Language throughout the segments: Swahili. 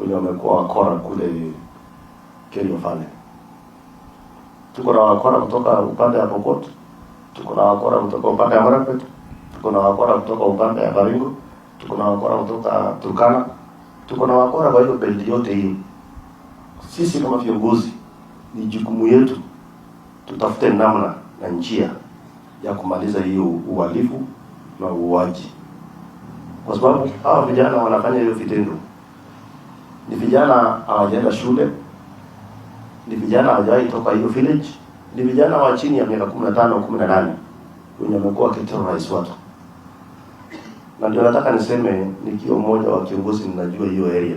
wenye wamekuwa wakora kule Kenya Valley. Tuko na wakora kutoka upande ya Pokot, tuko na wakora kutoka upande ya Marakwet, tuko na wakora kutoka upande ya Baringo, tuko na wakora kutoka Turkana, tuko na wakora kwa hiyo bendi yote hiyo. Sisi kama viongozi, ni jukumu yetu tutafute namna na njia ya kumaliza hiyo uhalifu na uuaji, kwa sababu hawa vijana wanafanya hiyo vitendo ni vijana hawajaenda shule, ni vijana hawajawahi toka hiyo village, ni vijana wa chini ya miaka 15 au 18 wenye wamekuwa wakiterrorize watu, na ndio nataka niseme, nikiwa mmoja wa kiongozi, ninajua hiyo area.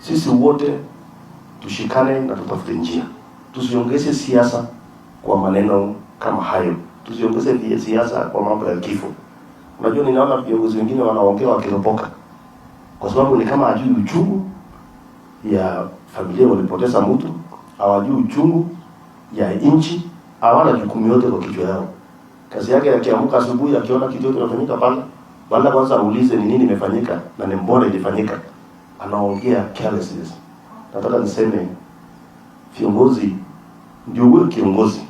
Sisi wote tushikane na tutafute njia, tusiongeze siasa kwa maneno kama hayo, tusiongeze siasa kwa mambo ya kifo. Unajua, ninaona viongozi wengine wanaongea wakiropoka kwa sababu ni kama hajui uchungu ya familia walipoteza mtu, hawajui uchungu ya nchi, hawana jukumu yote kwa kichwa yao. Kazi yake akiamka asubuhi akiona kitu kinafanyika pale, banda kwanza aulize ni nini imefanyika na ni mbona ilifanyika. Anaongea carelessness. Nataka niseme viongozi ndio uwe kiongozi,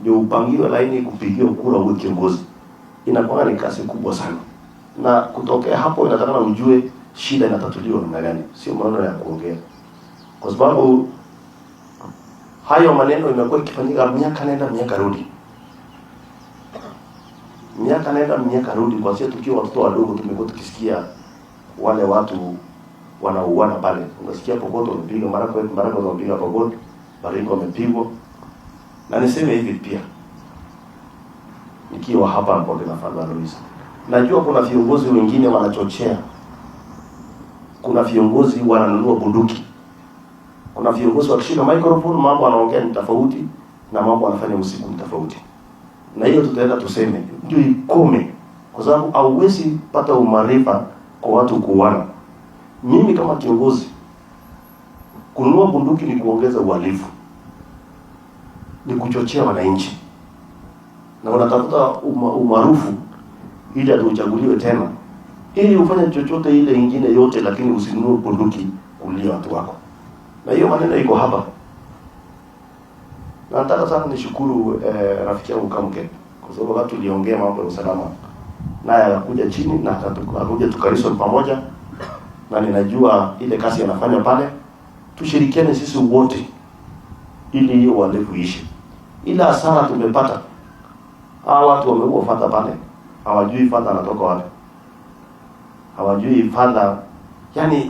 ndio upangiwe laini kupigia kura uwe kiongozi. Inakuwa ni kazi kubwa sana, na kutokea hapo inatakana ujue shida inatatuliwa namna gani, sio maneno ya kuongea, kwa sababu hayo maneno imekuwa ikifanyika miaka nenda miaka rudi, miaka nenda miaka rudi. Kwa Kwanza tukiwa watoto wadogo tumekuwa tukisikia wale watu wanauana pale, unasikia Pogoto wamepiga Maraga, Maraga wamepiga Pogoto, Baringo wamepigwa. Na niseme hivi pia, nikiwa hapa kwa na Fadha Luis, najua kuna viongozi wengine wanachochea kuna viongozi wananunua bunduki, kuna viongozi wakishika microphone mambo anaongea ni tofauti na mambo anafanya usiku ni tofauti, na hiyo tutaenda tuseme ndio ikome, kwa sababu hauwezi pata umaarifa kwa watu kuuana. Mimi kama kiongozi, kununua bunduki ni kuongeza uhalifu, ni kuchochea wananchi, na wanatafuta umaarufu ili atuchaguliwe tena ili ufanye chochote ile ingine yote, lakini usinunue bunduki kulia watu wako, na hiyo maneno iko hapa. Nataka sana nishukuru eh, rafiki yangu Kamke kwa sababu watu tuliongea mambo ya usalama naye anakuja chini na atakuja tukarisho pamoja, na ninajua ile kazi anafanya pale. Tushirikiane sisi wote ili hiyo walevu ila sana tumepata. Hawa watu wameua fata pale, hawajui fata anatoka wapi. 我主要判断，像你。